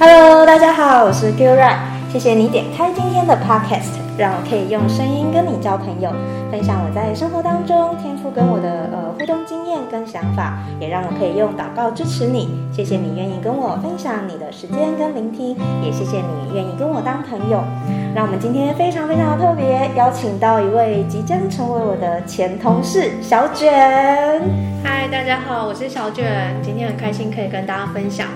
Hello，大家好，我是 Q Ray，謝謝你點開今天的 Podcast，讓我可以用聲音跟你交朋友，分享我在生活當中天父跟我的呃互動經驗跟想法，也讓我可以用禱告支持你。謝謝你願意跟我分享你的時間跟聆聽，也謝謝你願意跟我當朋友。讓我們今天非常非常的特別，邀請到一位即將成為我的前同事小卷。Hi，大家好，我是小卷，今天很開心可以跟大家分享。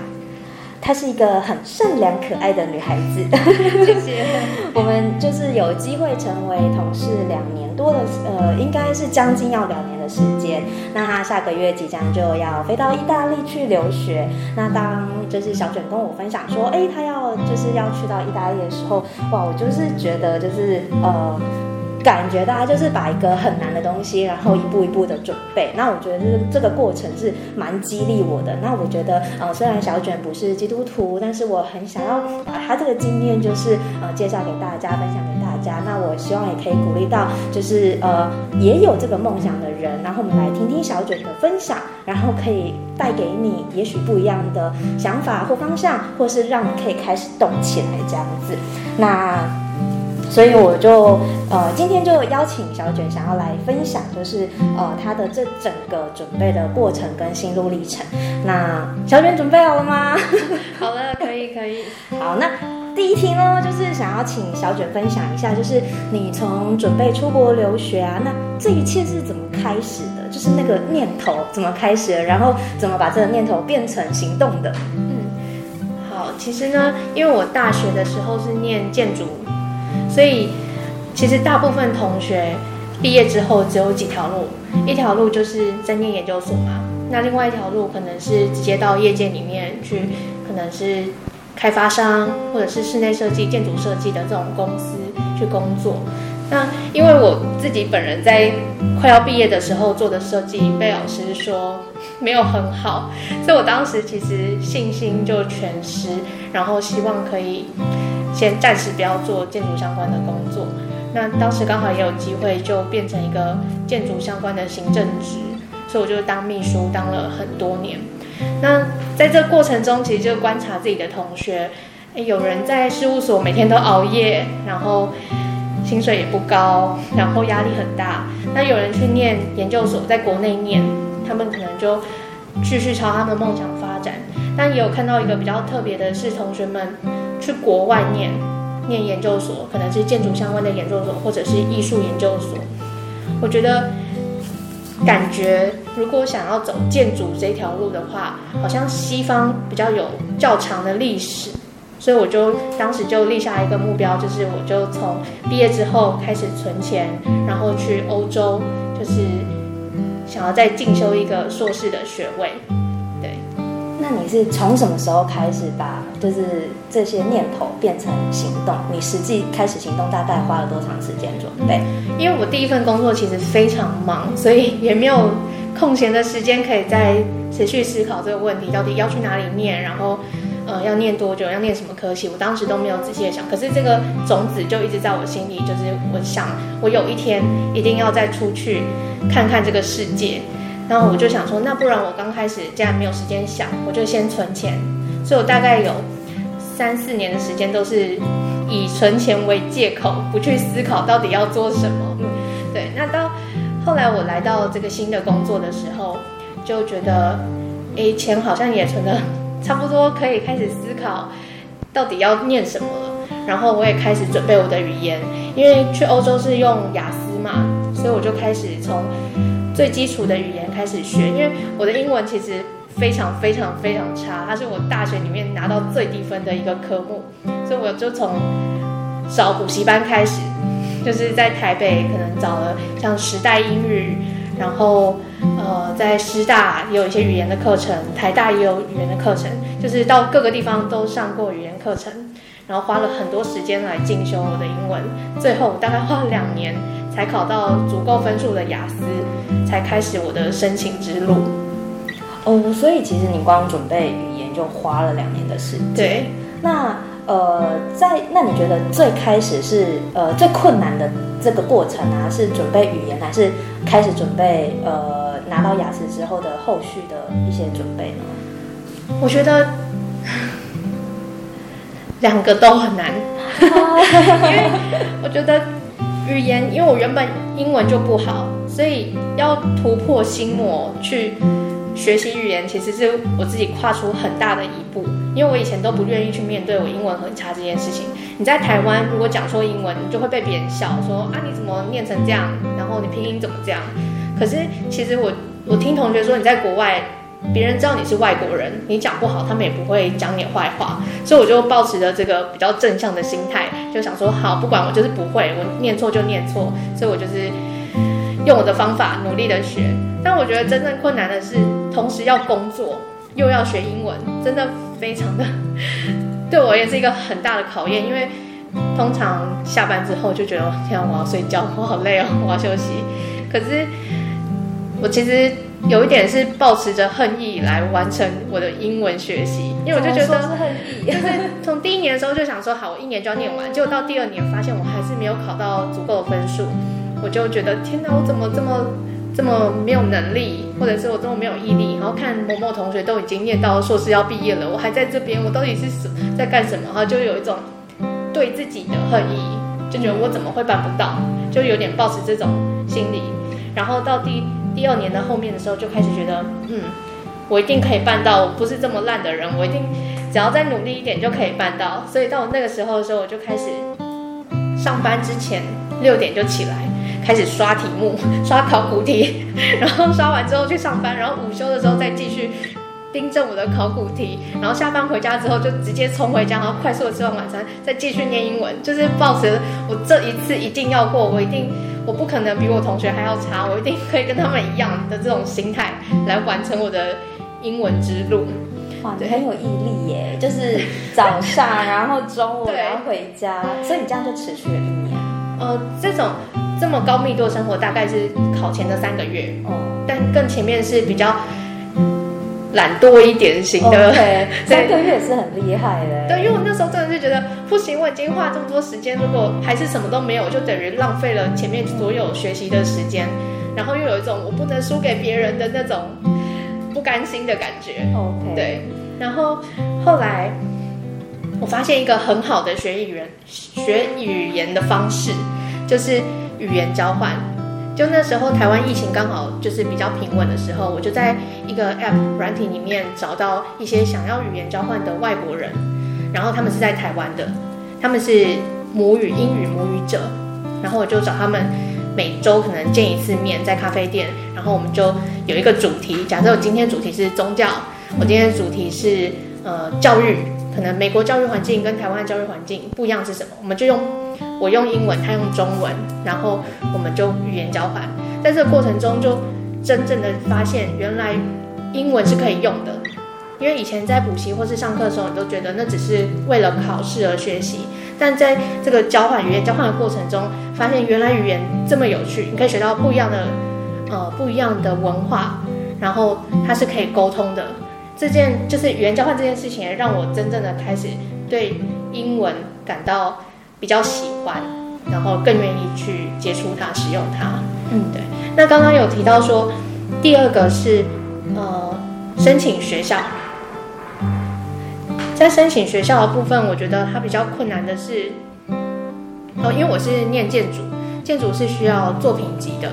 她是一個很善良可愛的女孩子。謝謝。 我們就是有機會成為同事兩年多的，呃，應該是將近要兩年的時間。那她下個月即將就要飛到意大利去留學。那當就是小卷跟我分享說，哎，她要就是要去到意大利的時候，哇，我就是覺得就是呃。感覺大家就是把一個很難的東西，然後一步一步的準備。那我覺得就是這個過程是蠻激勵我的。那我覺得，呃，雖然小卷不是基督徒，但是我很想要把他這個經驗，就是呃，介紹給大家，分享給大家。那我希望也可以鼓勵到，就是呃，也有這個夢想的人。然後我們來聽聽小卷的分享，然後可以帶給你也許不一樣的想法或方向，或是讓你可以開始動起來這樣子。那。所以我就呃，今天就邀請小卷，想要來分享，就是呃，他的這整個準備的過程跟心路歷程。那小卷準備好了嗎？好了，可以，可以。 好，那第一題呢，就是想要請小卷分享一下，就是你從準備出國留學啊，那這一切是怎麼開始的？就是那個念頭怎麼開始，然後怎麼把這個念頭變成行動的？嗯，好，其實呢，因為我大學的時候是念建築。所以，其實大部分同學畢業之後只有幾條路，一條路就是在念研究所嘛。那另外一條路可能是直接到業界裡面去，可能是開發商或者是室內設計、建築設計的這種公司去工作。那因為我自己本人在快要畢業的時候做的設計，被老師說沒有很好，所以我當時其實信心就全失，然後希望可以。先暫時不要做建築相關的工作，那當時剛好也有機會，就變成一個建築相關的行政職，所以我就當秘書當了很多年。那在這過程中，其實就觀察自己的同學，欸，有人在事務所每天都熬夜，然後薪水也不高，然後壓力很大；那有人去念研究所，在國內念，他們可能就繼續朝他們夢想。但也有看到一個比較特別的，是同學們去國外念念研究所，可能是建築相關的研究所，或者是藝術研究所。我覺得感覺如果想要走建築這條路的話，好像西方比較有較長的歷史，所以我就當時就立下一個目標，就是我就從畢業之後開始存錢，然後去歐洲，就是想要再進修一個碩士的學位。那你是從什麼時候開始把就是這些念頭變成行動？你實際開始行動大概花了多長時間準備？因為我第一份工作其實非常忙，所以也沒有空閒的時間可以再持續思考這個問題，到底要去哪裡念，然後，呃，要念多久，要念什麼科系，我當時都沒有仔細的想。可是這個種子就一直在我心裡，就是我想我有一天一定要再出去看看這個世界。然後我就想說，那不然我剛開始既然沒有時間想，我就先存錢。所以我大概有三四年的時間都是以存錢為借口，不去思考到底要做什麼。對。那到後來我來到這個新的工作的時候，就覺得，誒，錢好像也存了差不多，可以開始思考到底要念什麼了。然後我也開始準備我的語言，因為去歐洲是用雅思嘛，所以我就開始從。最基礎的語言開始學，因為我的英文其實非常非常非常差，它是我大學裡面拿到最低分的一個科目，所以我就從找補習班開始，就是在台北可能找了像時代英語，然後呃在師大也有一些語言的課程，台大也有語言的課程，就是到各個地方都上過語言課程，然後花了很多時間來進修我的英文，最後我大概花了兩年。才考到足夠分數的雅思，才開始我的申請之路。哦、嗯，所以其實你光準備語言就花了兩年的時間。對，那呃，在那你覺得最開始是呃最困難的這個過程啊，是準備語言，還是開始準備呃拿到雅思之後的後續的一些準備呢？我覺得兩個都很難， 因為我覺得。語言，因為我原本英文就不好，所以要突破心魔去學習語言，其實是我自己跨出很大的一步。因為我以前都不願意去面對我英文很差這件事情。你在台灣如果講錯英文，你就會被別人笑說啊，你怎麼念成這樣？然後你拼音怎麼這樣？可是其實我，我聽同學說你在國外。別人知道你是外國人，你講不好，他們也不會講你壞話，所以我就抱持著這個比較正向的心態，就想說好，不管我就是不會，我念錯就念錯，所以我就是用我的方法努力地學。但我覺得真正困難的是，同時要工作又要學英文，真的非常的，對我也是一個很大的考驗，因為通常下班之後就覺得天啊，我要睡覺，我好累哦，我要休息。可是我其實。有一點是抱持着恨意來完成我的英文學習，因為我就覺得是恨意， 從第一年的時候就想說，好，我一年就要念完。結果到第二年發現我還是沒有考到足夠的分數，我就覺得天哪，我怎麼這麼這麼沒有能力，或者是我這麼沒有毅力？然後看某某同學都已經念到碩士要畢業了，我還在這邊，我到底是在幹什麼？然後就有一種對自己的恨意，就覺得我怎麼會辦不到？就有點抱持這種心理，然後到第。第二年的後面的時候就開始覺得，嗯，我一定可以辦到，我不是這麼爛的人，我一定只要再努力一點就可以辦到。所以到我那個時候的時候，我就開始上班之前六點就起來，開始刷題目，刷考古題，然後刷完之後去上班，然後午休的時候再繼續訂正我的考古題，然後下班回家之後就直接衝回家，然後快速的吃完晚餐，再繼續念英文，就是抱持我這一次一定要過，我一定。我不可能比我同學還要差，我一定可以跟他們一樣的這種心態來完成我的英文之路。哇，對，很有毅力耶！就是早上， 然後中午，然後回家，所以你這樣就持續了一年。呃，這種這麼高密度的生活，大概是考前的三個月。哦、嗯，但更前面是比較。懶惰一點型的 okay, 對，三個月是很厲害的。對，因為我那時候真的是覺得，不行，我已經花這麼多時間，嗯，如果還是什麼都沒有，就等於浪費了前面所有學習的時間。嗯、然後又有一種我不能輸給別人的那種不甘心的感覺。Okay、對，然後後來我發現一個很好的學語言、學語言的方式，就是語言交換。就那時候，台灣疫情剛好就是比較平穩的時候，我就在一個 app 軟體裡面找到一些想要語言交換的外國人，然後他們是在台灣的，他們是母語英語母語者，然後我就找他們每週可能見一次面，在咖啡店，然後我們就有一個主題，假設我今天的主題是宗教，我今天的主題是呃教育，可能美國教育環境跟台灣的教育環境不一樣是什麼，我們就用。我用英文，他用中文，然後我們就語言交換，在這個過程中就真正的發現，原來英文是可以用的。因為以前在補習或是上課的時候，你都覺得那只是為了考試而學習。但在這個交換語言交換的過程中，發現原來語言這麼有趣，你可以學到不一樣的呃不一樣的文化，然後它是可以溝通的。這件就是語言交換這件事情，也讓我真正的開始對英文感到。比較喜歡，然後更願意去接觸它、使用它。嗯，對。那剛剛有提到說，第二個是呃，申請學校。在申請學校的部分，我覺得它比較困難的是，呃，因為我是念建築，建築是需要作品集的。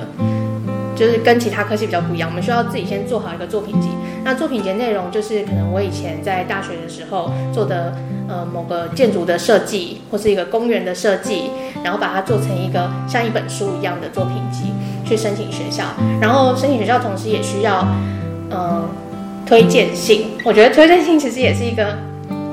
就是跟其他科系比較不一樣，我們需要自己先做好一個作品集。那作品集的內容就是可能我以前在大學的時候做的，呃，某個建築的設計或是一個公園的設計，然後把它做成一個像一本書一樣的作品集去申請學校。然後申請學校同時也需要，呃，推薦信。我覺得推薦信其實也是一個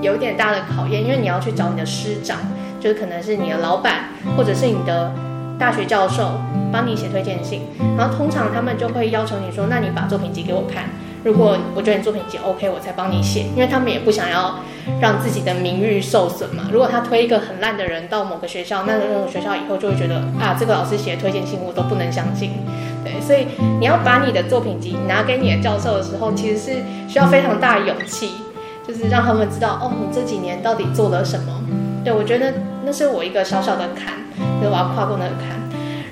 有點大的考驗，因為你要去找你的師長，就是可能是你的老闆或者是你的。大學教授幫你寫推薦信，然後通常他們就會要求你說：“那你把作品集給我看，如果我覺得你作品集 OK，我才幫你寫。”因為他們也不想要讓自己的名譽受損嘛。如果他推一個很爛的人到某個學校，那那種學校以後就會覺得啊，這個老師寫推薦信我都不能相信。對，所以你要把你的作品集拿給你的教授的時候，其實是需要非常大的勇氣，就是讓他們知道哦，你這幾年到底做了什麼。對，我覺得那是我一個小小的坎，就我要跨過那個坎。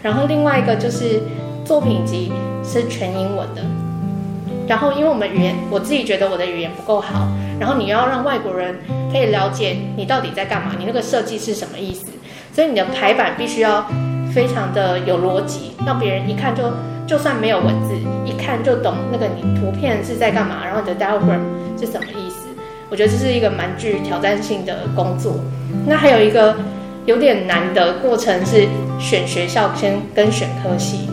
然後另外一個就是作品集是全英文的。然後因為我們語言，我自己覺得我的語言不夠好。然後你要讓外國人可以了解你到底在幹嘛，你那個設計是什麼意思。所以你的排版必須要非常的有邏輯，讓別人一看就，就算沒有文字，一看就懂那個你圖片是在幹嘛，然後你的 diagram 是什麼意思。我覺得這是一個蠻具挑戰性的工作。那還有一個有點難的過程是選學校先跟選科系。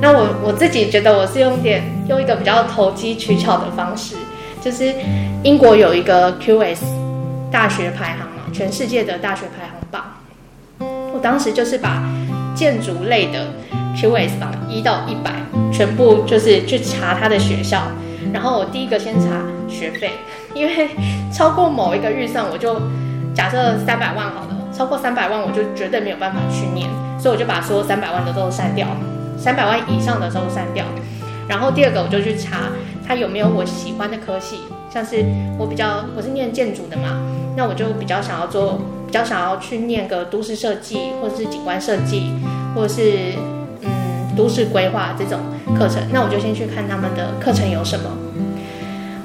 那我我自己覺得我是用點，用一個比較投機取巧的方式，就是英國有一個 QS 大學排行嘛，全世界的大學排行榜。我當時就是把建築類的 QS 榜一到一百全部就是去查他的學校，然後我第一個先查學費。因為超過某一個預算，我就假設三百萬好了。超過三百萬，我就絕對沒有辦法去念，所以我就把所有三百萬的都刪掉，三百萬以上的都刪掉。然後第二個，我就去查他有沒有我喜歡的科系，像是我比較，我是念建築的嘛，那我就比較想要做，比較想要去念個都市設計，或者是景觀設計，或是嗯都市規劃這種課程。那我就先去看他們的課程有什麼。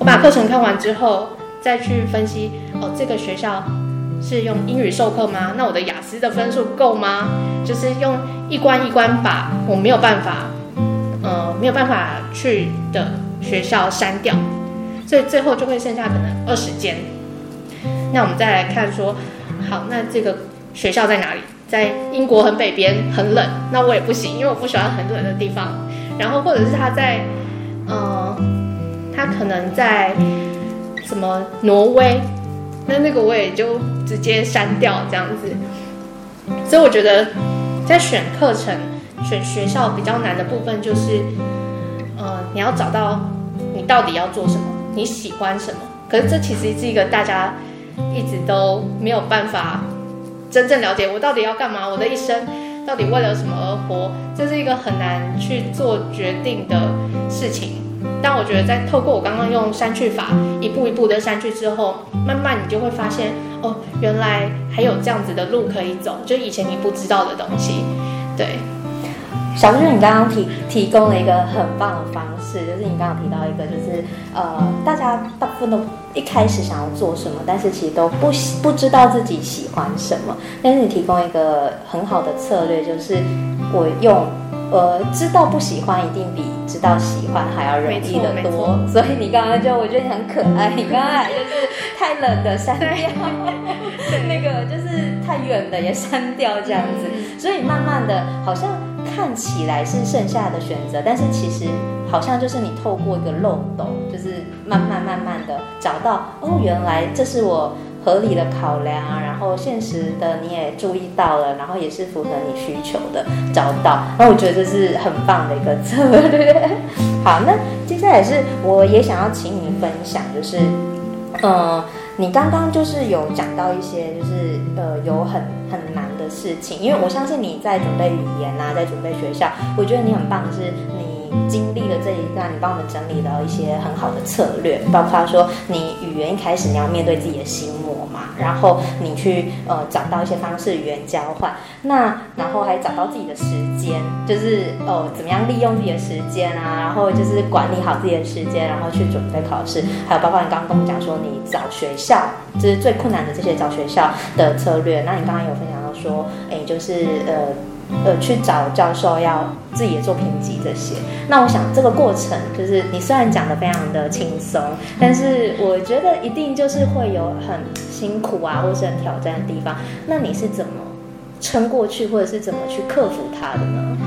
把課程看完之後，再去分析哦，這個學校是用英語授課嗎？那我的雅思的分數夠嗎？就是用一關一關把我沒有辦法，呃，沒有辦法去的學校刪掉，所以最後就會剩下可能二十間。那我們再來看說，好，那這個學校在哪裡？在英國很北邊，很冷，那我也不行，因為我不喜歡很冷的地方。然後或者是他在，嗯、呃。他可能在什麼挪威？那那個我也就直接刪掉這樣子。所以我覺得在選課程、選學校比較難的部分就是，呃，你要找到你到底要做什麼，你喜歡什麼。可是這其實是一個大家一直都沒有辦法真正了解我到底要幹嘛，我的一生到底為了什麼而活，這是一個很難去做決定的事情。但我覺得，在透過我剛剛用刪去法一步一步的刪去之後，慢慢你就會發現，哦，原來還有這樣子的路可以走，就以前你不知道的東西。對，小捲，你剛剛提提供了一個很棒的方式，就是你剛剛提到一個，就是呃，大家大部分都一開始想要做什麼，但是其實都不不知道自己喜歡什麼。但是你提供一個很好的策略，就是我用。呃，知道不喜歡一定比知道喜歡還要容易得多，所以你剛剛就我覺得很可愛，你剛剛還就是太冷的刪掉， 那個就是太遠的也刪掉這樣子，所以慢慢的好像看起來是剩下的選擇，但是其實好像就是你透過一個漏斗，就是慢慢慢慢的找到，哦，原來這是我。合理的考量，然後現實的你也注意到了，然後也是符合你需求的找到，那我覺得這是很棒的一個策略。好，那接下來是我也想要請你分享，就是，嗯、呃，你剛剛就是有講到一些就是呃有很很難的事情，因為我相信你在準備語言啊，在準備學校，我覺得你很棒的是你。經歷了這一段，你幫我們整理了一些很好的策略，包括說你語言一開始你要面對自己的心魔嘛，然後你去呃找到一些方式語言交換，那然後還找到自己的時間，就是哦怎麼樣利用自己的時間啊，然後就是管理好自己的時間，然後去準備考試，還有包括你剛剛跟我們講說你找學校，就是最困難的這些找學校的策略，那你剛剛有分享到說，誒，就是呃。呃，去找教授要自己的作品集這些。那我想這個過程就是你雖然講得非常的輕鬆，但是我覺得一定就是會有很辛苦啊，或是很挑戰的地方。那你是怎麼撐過去，或者是怎麼去克服它的呢？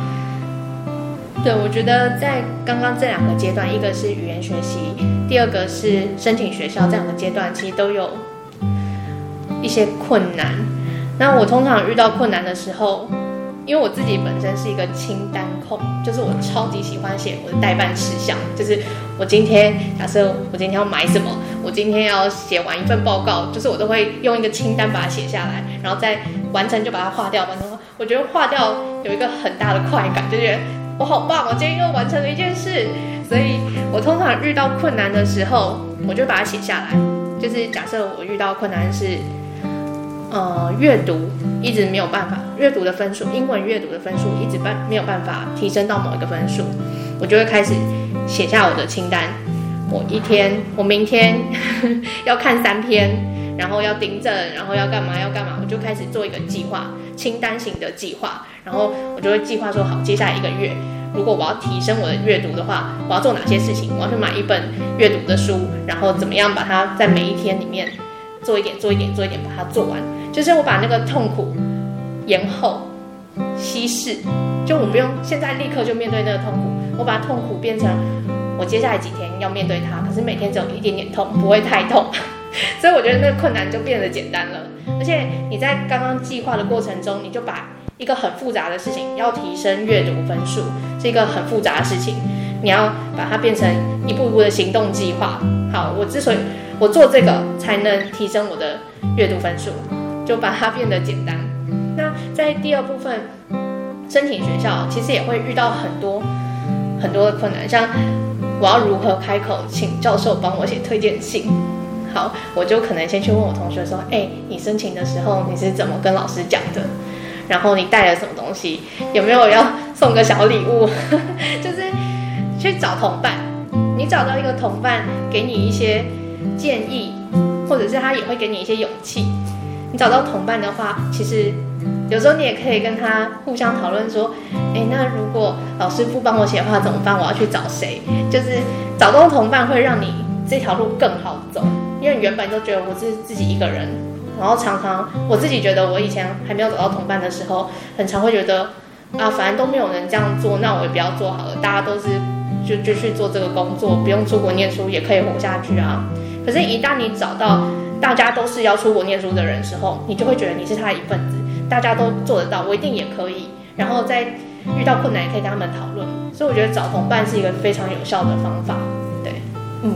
對，我覺得在剛剛這兩個階段，一個是語言學習，第二個是申請學校，這兩個階段其實都有一些困難。那我通常遇到困難的時候。因為我自己本身是一個清單控，就是我超級喜歡寫我的待辦事項。就是我今天，假設我今天要買什麼，我今天要寫完一份報告，就是我都會用一個清單把它寫下來，然後再完成就把它劃掉吧。然後我覺得劃掉有一個很大的快感，就覺得我好棒，我今天又完成了一件事。所以我通常遇到困難的時候，我就把它寫下來。就是假設我遇到困難是。呃，閱讀一直沒有辦法，閱讀的分數，英文閱讀的分數一直辦沒有辦法提升到某一個分數，我就會開始寫下我的清單。我一天，我明天 要看三篇，然後要訂正，然後要幹嘛要幹嘛，我就開始做一個計劃，清單型的計劃。然後我就會計劃說，好，接下來一個月，如果我要提升我的閱讀的話，我要做哪些事情？我要去買一本閱讀的書，然後怎麼樣把它在每一天裡面做一點做一點做一點把它做完。就是我把那個痛苦延後、稀釋，就我們不用現在立刻就面對那個痛苦，我把痛苦變成我接下來幾天要面對它，可是每天只有一點點痛，不會太痛， 所以我覺得那個困難就變得簡單了。而且你在剛剛計劃的過程中，你就把一個很複雜的事情，要提升閱讀分數，是一個很複雜的事情，你要把它變成一步步的行動計劃。好，我之所以我做這個，才能提升我的閱讀分數。就把它變得簡單。那在第二部分，申請學校其實也會遇到很多很多的困難，像我要如何開口請教授幫我寫推薦信。好，我就可能先去問我同學說：“哎、欸，你申請的時候你是怎麼跟老師講的？然後你帶了什麼東西？有沒有要送個小禮物？ 就是去找同伴，你找到一個同伴，給你一些建議，或者是他也會給你一些勇氣。”你找到同伴的話，其實有時候你也可以跟他互相討論說，誒，那如果老師不幫我寫的話怎麼辦？我要去找誰？就是找到同伴會讓你這條路更好走，因為原本都覺得我是自己一個人，然後常常我自己覺得我以前還沒有找到同伴的時候，很常會覺得啊，反正都沒有人這樣做，那我也不要做好了，大家都是就就去做這個工作，不用出國念書也可以活下去啊。可是，一旦你找到。大家都是要出國念書的人的時候，你就會覺得你是他一份子，大家都做得到，我一定也可以。然後再遇到困難也可以跟他們討論，所以我覺得找同伴是一個非常有效的方法。對，嗯，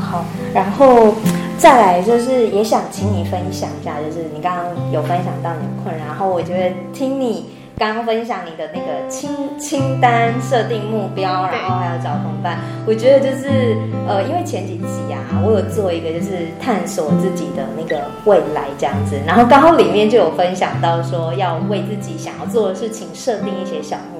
好，然後再來就是也想請你分享一下，就是你剛剛有分享到你的困擾，然後我覺得聽你。剛分享你的那個清清單，設定目標，然後還有找同伴。我覺得就是呃，因為前幾集啊，我有做一個就是探索自己的那個未來這樣子，然後剛好裡面就有分享到說，要為自己想要做的事情設定一些小目標。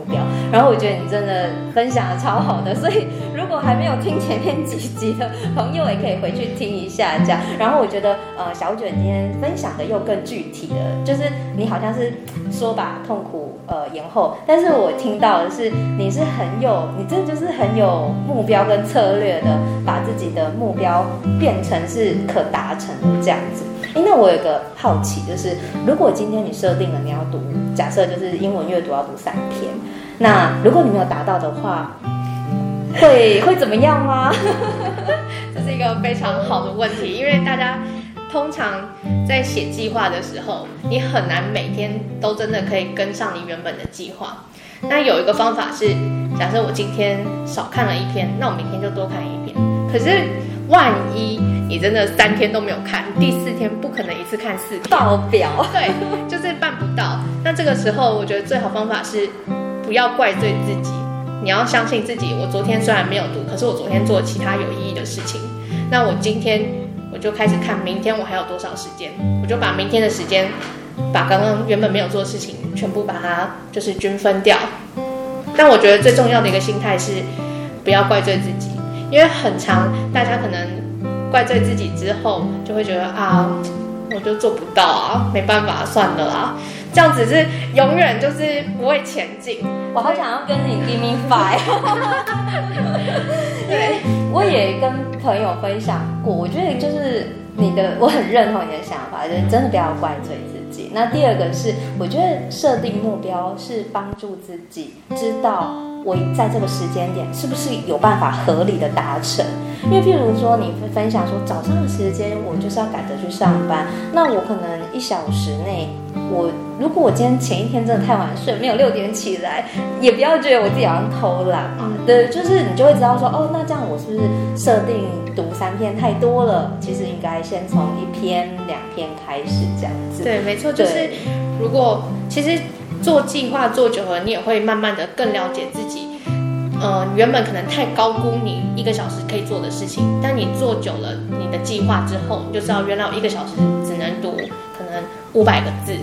然後我覺得你真的分享的超好的，所以如果還沒有聽前面幾集,集的朋友也可以回去聽一下，這樣。然後我覺得呃小卷今天分享的又更具體了，就是你好像是說把痛苦呃延後，但是我聽到的是你是很有，你真的就是很有目標跟策略的，把自己的目標變成是可達成這樣子。因為我有個好奇，就是如果今天你設定了你要讀，假設就是英文閱讀要讀三篇。那如果你沒有達到的話，會會怎麼樣嗎？ 這是一個非常好的問題，因為大家通常在寫計劃的時候，你很難每天都真的可以跟上你原本的計劃。那有一個方法是，假設我今天少看了一篇，那我明天就多看一篇。可是萬一你真的三天都沒有看，第四天不可能一次看四篇，爆表。 對，就是辦不到。那這個時候，我覺得最好方法是。不要怪罪自己，你要相信自己。我昨天雖然沒有讀，可是我昨天做了其他有意義的事情。那我今天我就開始看，明天我還有多少時間，我就把明天的時間，把剛剛原本沒有做的事情全部把它就是均分掉。但我覺得最重要的一個心態是，不要怪罪自己，因為很常，大家可能怪罪自己之後，就會覺得啊，我就做不到啊，沒辦法，算了啦。這樣子是永遠就是不會前進。我好想要跟你 give me five。 因為我也跟朋友分享過。我覺得就是你的，我很認同你的想法，就是真的不要怪罪自己。那第二個是，我覺得設定目標是幫助自己知道我在這個時間點是不是有辦法合理的達成？因為譬如說，你分享說早上的時間我就是要趕着去上班，那我可能一小時內我。如果我今天前一天真的太晚睡，沒有六點起來，也不要覺得我自己好像偷懶嘛，嗯。對，就是你就會知道說，哦，那這樣我是不是設定讀三篇太多了？其實應該先從一篇、兩篇開始，這樣子。對，沒錯，就是如果其實做計劃做久了，你也會慢慢的更了解自己。呃，原本可能太高估你一個小時可以做的事情，但你做久了你的計劃之後，你就知道原來我一個小時只能讀可能五百個字。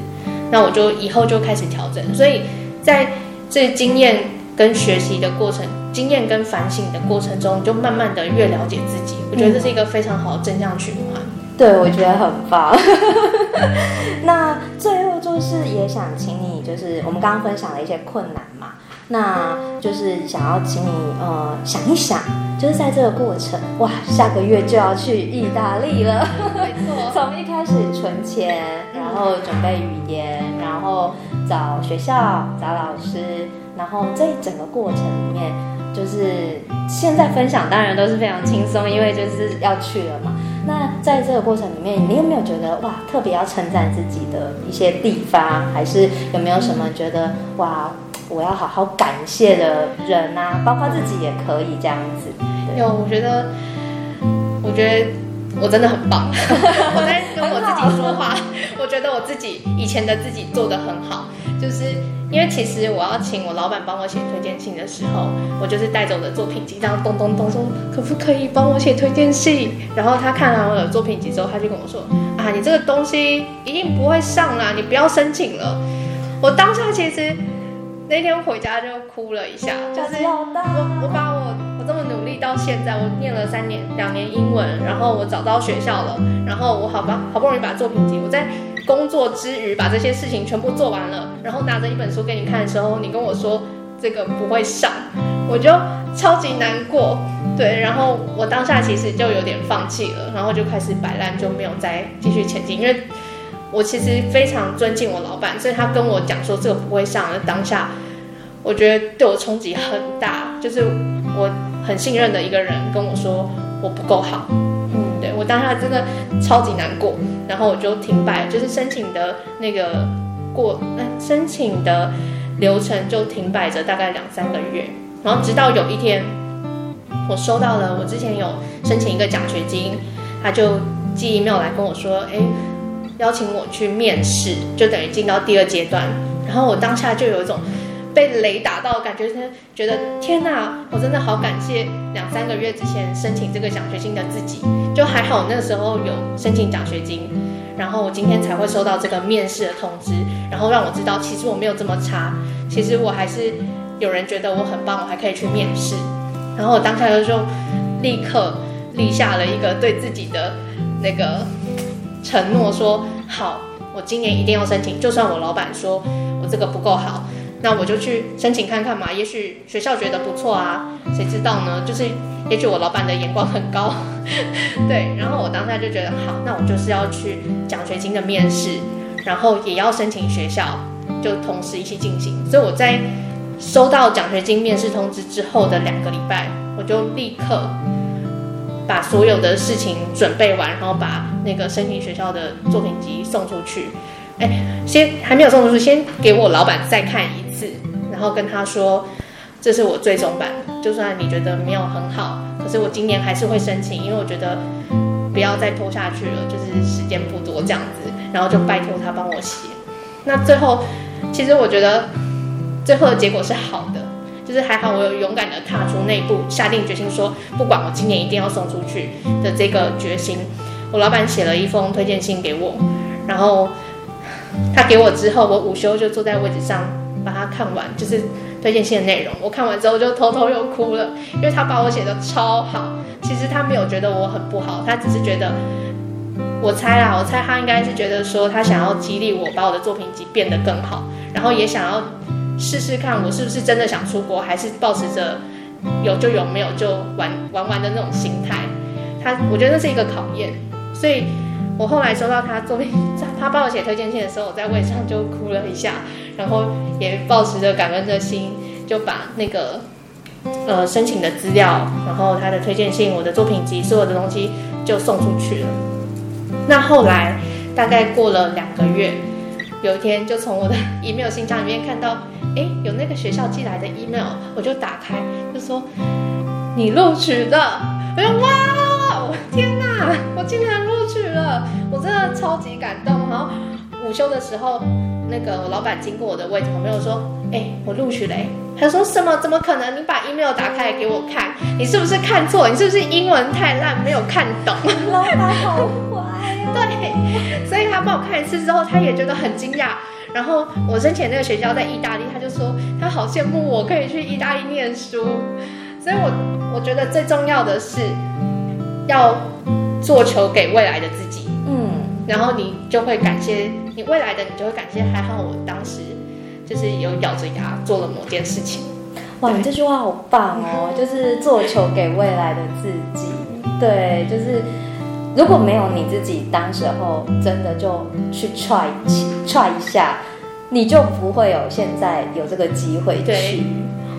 那我就以後就開始調整，所以在這經驗跟學習的過程、經驗跟反省的過程中，你就慢慢的越了解自己。我覺得這是一個非常好的正向循環。對，我覺得很棒。 那最後就是也想請你，就是我們剛剛分享了一些困難嘛。那就是想要請你呃想一想，就是在這個過程，哇，下個月就要去意大利了。沒錯，從一開始存錢，然後準備語言，然後找學校、找老師，然後這整個過程裡面，就是現在分享當然都是非常輕鬆，因為就是要去了嘛。那在這個過程裡面，你有沒有覺得哇特別要稱讚自己的一些地方，還是有沒有什麼覺得哇？我要好好感謝的人啊，包括自己也可以這樣子。有，我覺得，我覺得我真的很棒。 我在跟我自己說話。 我覺得我自己以前的自己做得很好，就是因為其實我要請我老闆幫我寫推薦信的時候，我就是帶走我的作品集，當後咚咚咚咚，可不可以幫我寫推薦信？然後他看了我的作品集之後，他就跟我說：“啊，你這個東西一定不會上啦，你不要申請了。”我當下其實。那天回家就哭了一下，就是我我把我我這麼努力到現在，我念了三年兩年英文，然後我找到學校了，然後我好好不容易把作品集，我在工作之餘把這些事情全部做完了，然後拿着一本書給你看的時候，你跟我說這個不會上，我就超級難過，對，然後我當下其實就有點放棄了，然後就開始擺爛，就沒有再繼續前進，因為我其實非常尊敬我老闆，所以他跟我講說這個不會上。當下我覺得對我衝擊很大，就是我很信任的一個人跟我說我不夠好，嗯，對，我當下真的超級難過。然後我就停擺，就是申請的那個過，申請的流程就停擺着大概兩三個月。然後直到有一天，我收到了，我之前有申請一個獎學金，他就寄 email 來跟我說，誒邀請我去面試，就等於進到第二階段。然後我當下就有一種被雷打到感覺，覺得天哪！我真的好感謝兩三個月之前申請這個獎學金的自己，就還好我那時候有申請獎學金，然後我今天才會收到這個面試的通知，然後讓我知道其實我沒有這麼差，其實我還是有人覺得我很棒，我還可以去面試。然後我當下就立刻立下了一個對自己的那個。承諾說好，我今年一定要申請。就算我老板說我這個不夠好，那我就去申請看看嘛。也許學校覺得不錯啊，誰知道呢？就是也許我老板的眼光很高， 對。然後我當下就覺得好，那我就是要去獎學金的面試，然後也要申請學校，就同時一起進行。所以我在收到獎學金面試通知之後的兩個禮拜，我就立刻。把所有的事情準備完，然後把那個申請學校的作品集送出去。哎，先，還沒有送出去，先給我老闆再看一次，然後跟他說，這是我最終版。就算你覺得沒有很好，可是我今年還是會申請，因為我覺得不要再拖下去了，就是時間不多這樣子。然後就拜託他幫我寫。那最後，其實我覺得最後的結果是好的。就是還好，我有勇敢的踏出那一步，下定決心說不管我今年一定要送出去的這個決心。我老闆寫了一封推薦信給我，然後他給我之後，我午休就坐在位置上把它看完，就是推薦信的內容。我看完之後就偷偷又哭了，因為他把我寫的超好。其實他沒有覺得我很不好，他只是覺得，我猜啊，我猜他應該是覺得說，他想要激勵我把我的作品集變得更好，然後也想要。試試看，我是不是真的想出國，還是抱持着有就有，沒有就玩玩玩的那種心態？他，我覺得那是一個考驗。所以我後來收到他作品，他幫我寫推薦信的時候，我在位上就哭了一下，然後也抱持着感恩的心，就把那個呃、申請的資料，然後他的推薦信，我的作品集，所有的東西就送出去了。那後來大概過了兩個月。有一天就從我的 email 信箱裡面看到，哎、欸，有那個學校寄來的 email，我就打開，就說你錄取的，我說哇，我天哪，我竟然錄取了，我真的超級感動。然後午休的時候，那個我老板經過我的位置旁邊，我說，哎、欸，我錄取了。他、欸、說什麼？怎麼可能？你把 email 打開來給我看。嗯，你是不是看錯？你是不是英文太爛，沒有看懂？老板好。 對，所以他幫我看一次之後，他也覺得很驚訝。然後我申請那個學校在意大利，他就說他好羨慕我可以去意大利念書。所以我，我我覺得最重要的是要做球給未來的自己。嗯，然後你就會感謝你未來的你，就會感謝還好我當時就是有咬着牙做了某件事情。哇，你這句話好棒哦！就是做球給未來的自己。對，就是。如果沒有你自己，當時候真的就去 try try 一下，你就不會有現在有這個機會去。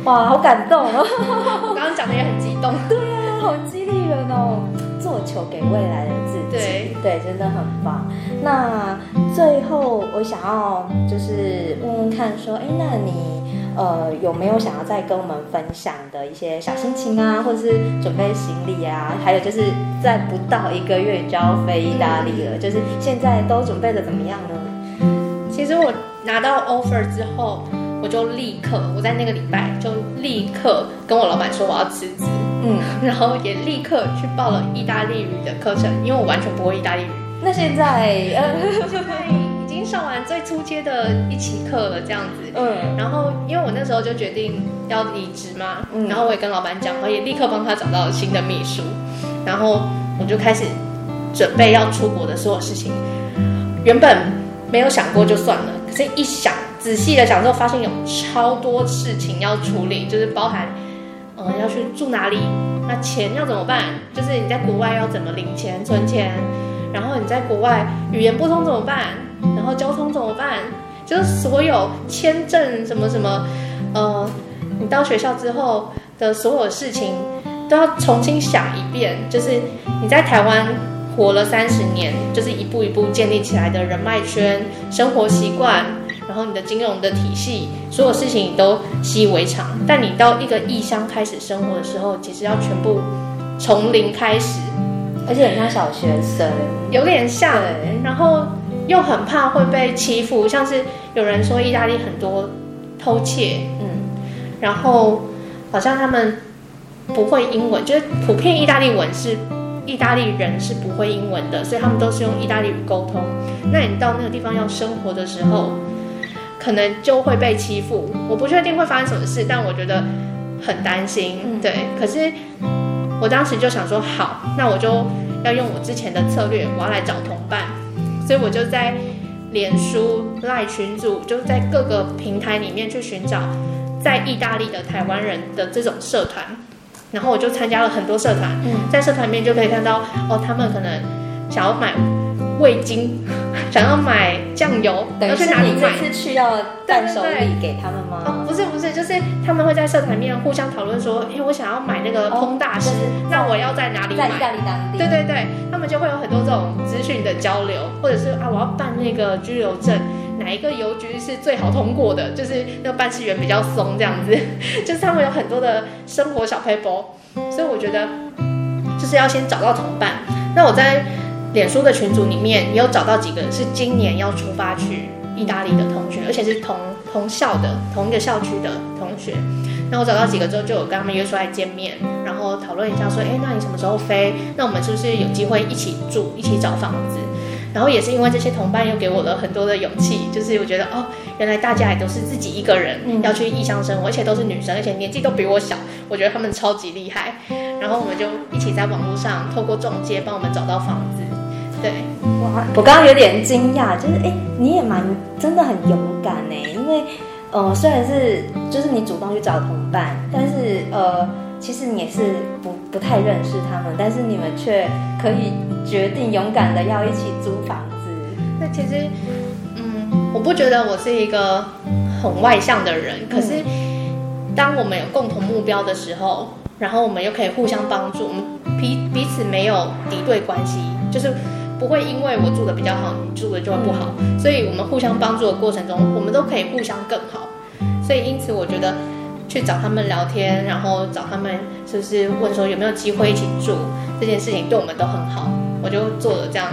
哇，好感動哦，嗯！我剛剛講的也很激動。對啊，好激勵人哦。做球給未來的自己。對對，真的很棒。那最後我想要就是問問看，說，哎，那你，呃，有沒有想要再跟我們分享的一些小心情啊，或者是準備行李啊？還有就是在不到一個月就要飛意大利了，嗯、就是現在都準備的怎麼樣呢？其實我拿到 offer 之後，我就立刻，我在那個禮拜就立刻跟我老闆說我要辭職，嗯，然後也立刻去報了意大利語的課程，因為我完全不會意大利語。那現在，嗯、呃。 上完最初階的一期課了，這樣子。嗯。然後，因為我那時候就決定要離職嘛，嗯。然後我也跟老板講，我也立刻幫他找到了新的秘書。然後我就開始準備要出國的所有事情。原本沒有想過就算了，可是一想，仔細的想之後，發現有超多事情要處理，就是包含，嗯、呃，要去住哪裡，那錢要怎麼辦？就是你在國外要怎麼領錢、存錢？然後你在國外語言不通怎麼辦？然後交通怎麼辦？就是所有簽證什麼什麼，呃，你到學校之後的所有事情都要重新想一遍。就是你在台灣活了三十年，就是一步一步建立起來的人脈圈、生活習慣，然後你的金融的體系，所有事情你都習以為常。但你到一個異鄉開始生活的時候，其實要全部從零開始，而且很像小學生，嗯、有點像。然後。又很怕會被欺負，像是有人說意大利，很多偷竊，嗯，然後好像他們不會英文，就是普遍意大利文，是意大利人是不會英文的，所以他們都是用意大利語溝通。那你到那個地方要生活的時候，可能就會被欺負。我不確定會發生什麼事，但我覺得很擔心。嗯，對，可是我當時就想說，好，那我就要用我之前的策略，我要來找同伴。所以我就在臉書賴群組，就在各個平台裡面去尋找在意大利的台灣人的這種社團，然後我就參加了很多社團，嗯、在社團裡面就可以看到，哦，他們可能想要買。味精，想要買醬油、嗯，要去哪裡買？是去要帶伴手禮給他們嗎？對對對。哦？不是不是，就是他們會在社團面互相討論說，哎、嗯欸，我想要買那個空大師，嗯哦就是，那我要在哪裡買大利大利？對對對，他們就會有很多這種資訊的交流，或者是啊，我要辦那個居留證，嗯、哪一個郵局是最好通過的？就是那個辦事員比較鬆這樣子。嗯，就是他們有很多的生活小撇步，所以我覺得就是要先找到同伴。那我在。臉書的群組裡面，也有找到幾個是今年要出發去意大利的同學，而且是同同校的同一個校區的同學。那我找到幾個之後，就有跟他們約出來見面，然後討論一下，說，哎，那你什麼時候飛？那我們是不是有機會一起住，一起找房子？然後也是因為這些同伴又給我了很多的勇氣，就是我覺得，哦，原來大家也都是自己一個人要去異鄉生活，而且都是女生，而且年紀都比我小，我覺得他們超級厲害。然後我們就一起在網絡上透過中介幫我們找到房子。對，我我剛剛有點驚訝，就是哎，你也蠻真的很勇敢哎，因為呃，雖然是就是你主動去找同伴，但是呃，其實你也是不不太認識他們，但是你們卻可以決定勇敢的要一起租房子。那其實嗯，我不覺得我是一個很外向的人，嗯，可是當我們有共同目標的時候，然後我們又可以互相幫助，我們彼彼此沒有敵對關係，就是。不會因為我住的比較好，你住的就會不好，嗯，所以我們互相幫助的過程中，我們都可以互相更好。所以因此，我覺得去找他們聊天，然後找他們就是，是問說有沒有機會一起住，嗯、這件事情，對我們都很好。我就做了這樣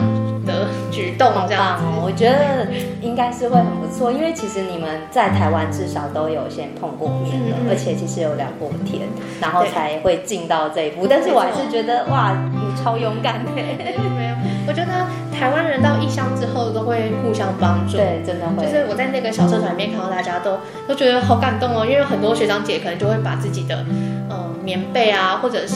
的舉動，哦、這樣我覺得應該是會很不錯， 因為其實你們在台灣至少都有先碰過面，的，嗯，而且其實有聊過天，然後才會進到這一步。但是我還是覺得哇，你超勇敢的。 我覺得台灣人到異鄉之後都會互相幫助，對，真的會。就是我在那個小社團裡面看到大家都、嗯、都覺得好感動哦，因為很多學長姐可能就會把自己的，呃、棉被啊，或者是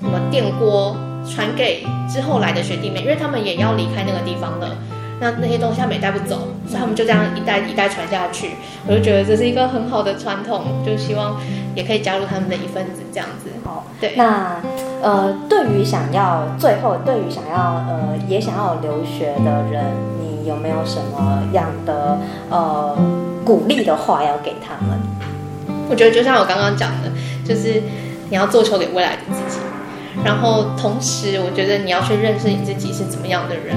什麼電鍋傳給之後來的學弟妹，因為他們也要離開那個地方了。那那些東西他們也帶不走，所以他們就這樣一代一代傳下去。我就覺得這是一個很好的傳統，就希望也可以加入他們的一份子這樣子。哦，對。那呃，對於想要最後，對於想要呃也想要留學的人，你有沒有什麼樣的呃鼓勵的話要給他們？我覺得就像我剛剛講的，就是你要做球給未來的自己。然後同時，我覺得你要去認識你自己是怎麼樣的人。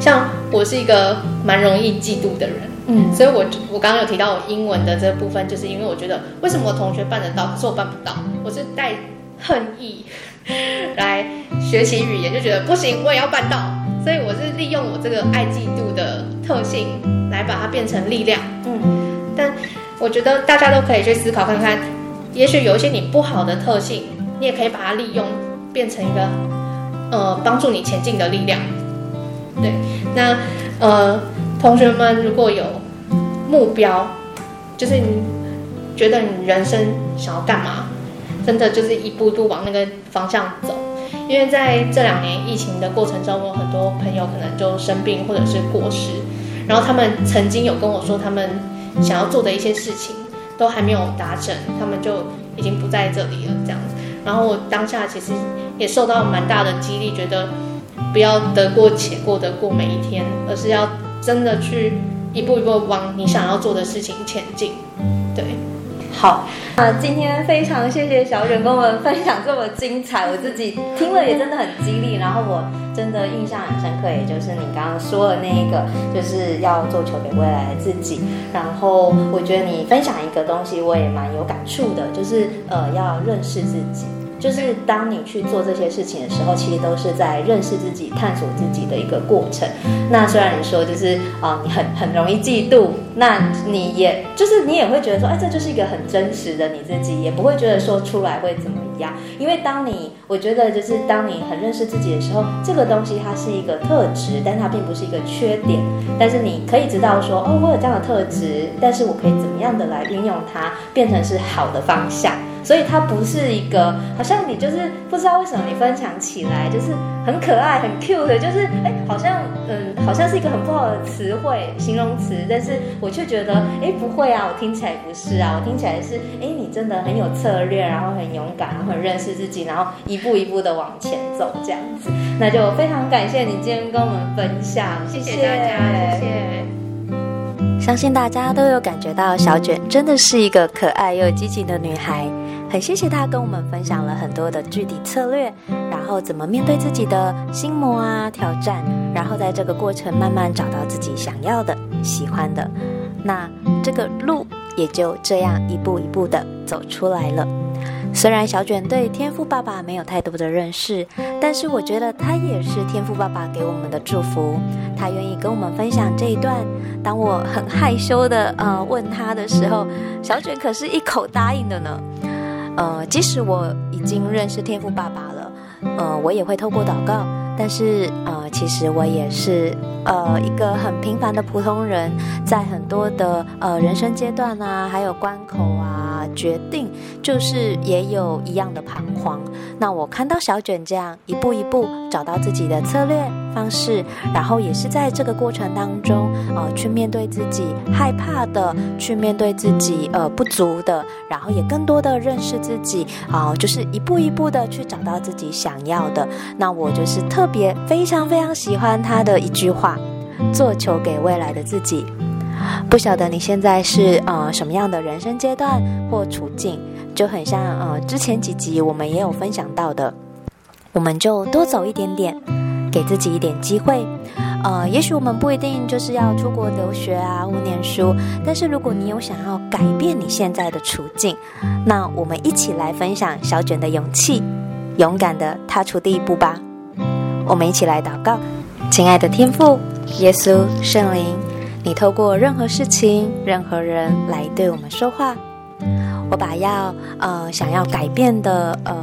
像我是一個蠻容易嫉妒的人，嗯，所以我我剛剛有提到我英文的這個部分，就是因為我覺得，為什麼我同學辦得到，可是我辦不到？我是帶恨意來學習語言，就覺得不行，我也要辦到。所以我是利用我這個愛嫉妒的特性來把它變成力量，嗯。但我覺得大家都可以去思考看看，也許有一些你不好的特性，你也可以把它利用。變成一個，呃，幫助你前進的力量。對，那呃，同學們如果有目標，就是你覺得你人生想要幹嘛，真的就是一步步往那個方向走。因為在這兩年疫情的過程中，我很多朋友可能就生病或者是過世，然後他們曾經有跟我說他們想要做的一些事情都還沒有達成，他們就已經不在這裡了，這樣子。然後我當下其實也受到蠻大的激勵，覺得不要得過且過得過每一天，而是要真的去一步一步往你想要做的事情前進，對。好，那、啊、今天非常謝謝小捲跟我們分享這麼精彩，我自己聽了也真的很激勵。然後我真的印象很深刻，也就是你剛剛說的那一個，就是要做球給未來的自己。然後我覺得你分享一個東西，我也蠻有感觸的，就是呃要認識自己。就是當你去做這些事情的時候，其實都是在認識自己、探索自己的一個過程。那雖然你說就是啊、呃，你很很容易嫉妒，那你也就是你也會覺得說，哎，這就是一個很真實的你自己，也不會覺得說出來會怎麼樣。因為當你我覺得就是當你很認識自己的時候，這個東西它是一個特質，但它並不是一個缺點。但是你可以知道說，哦，我有這樣的特質，但是我可以怎麼樣的來運用它，變成是好的方向。所以它不是一個，好像你就是不知道為什麼你分享起來就是很可愛、很 cute，就是哎，好像嗯，好像是一個很不好的詞彙、形容詞，但是我卻覺得哎，不會啊，我聽起來不是啊，我聽起來是哎，你真的很有策略，然後很勇敢，然後很認識自己，然後一步一步的往前走這樣子。那就非常感謝你今天跟我們分享。謝謝，謝謝大家，謝謝。相信大家都有感覺到小捲真的是一個可愛又激情的女孩。很謝謝他跟我們分享了很多的具體策略，然後怎麼面對自己的心魔啊、挑戰，然後在這個過程慢慢找到自己想要的、喜歡的，那這個路也就這樣一步一步的走出來了。雖然小卷對天父爸爸沒有太多的認識，但是我覺得他也是天父爸爸給我們的祝福。他願意跟我們分享這一段。當我很害羞的呃問他的時候，小卷可是一口答應的呢。呃，即使我已經認識天父爸爸了，呃，我也會透過禱告。但是，呃，其實我也是呃一個很平凡的普通人，在很多的呃人生階段啊，還有關口啊。決定就是也有一樣的彷徨，那我看到小卷這樣一步一步找到自己的策略方式，然後也是在這個過程當中，啊、呃，去面對自己害怕的，去面對自己呃不足的，然後也更多的認識自己，啊、呃，就是一步一步的去找到自己想要的。那我就是特別非常非常喜歡他的一句話：做球給未來的自己。不曉得你現在是呃什麼樣的人生階段或處境，就很像呃之前幾集我們也有分享到的，我們就多走一點點，給自己一點機會。呃，也許我們不一定就是要出國留學啊或念書，但是如果你有想要改變你現在的處境，那我們一起來分享小卷的勇氣，勇敢的踏出第一步吧。我們一起來禱告，親愛的天父，耶穌聖靈。你透過任何事情、任何人來對我們說話。我把要呃想要改變的呃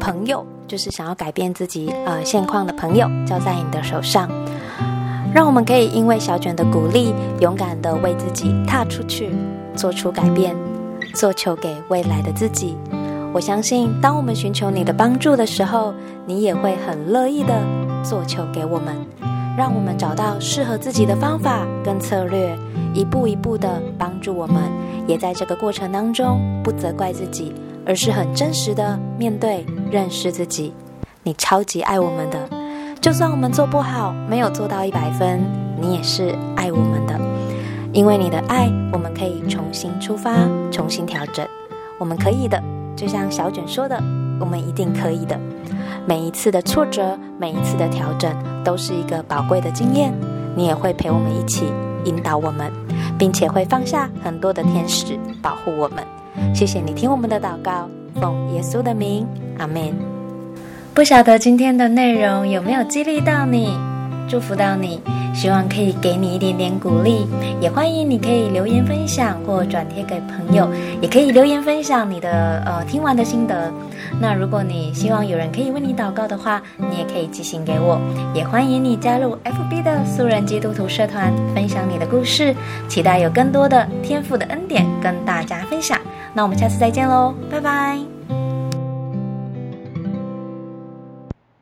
朋友，就是想要改變自己呃現況的朋友，交在你的手上，讓我們可以因為小捲的鼓勵，勇敢的為自己踏出去，做出改變，做球給未來的自己。我相信，當我們尋求你的幫助的時候，你也會很樂意的做球給我們。讓我們找到適合自己的方法跟策略，一步一步的幫助我們，也在這個過程當中不責怪自己，而是很真實的面對認識自己。你超級愛我們的，就算我們做不好，沒有做到一百分，你也是愛我們的。因為你的愛，我們可以重新出發，重新調整，我們可以的。就像小卷說的，我們一定可以的。每一次的挫折，每一次的調整，都是一個寶貴的經驗。你也會陪我們一起，引導我們，並且會放下很多的天使保護我們。謝謝你聽我們的禱告，奉耶穌的名，阿門。不曉得今天的內容有沒有激勵到你，祝福到你，希望可以給你一點點鼓勵。也歡迎你可以留言分享或轉貼給朋友，也可以留言分享你的呃，聽完的心得。那如果你希望有人可以為你禱告的話，你也可以寄信給我，也歡迎你加入 FB 的素人基督徒社團，分享你的故事，期待有更多的天父的恩典跟大家分享。那我們下次再見嘍，拜拜。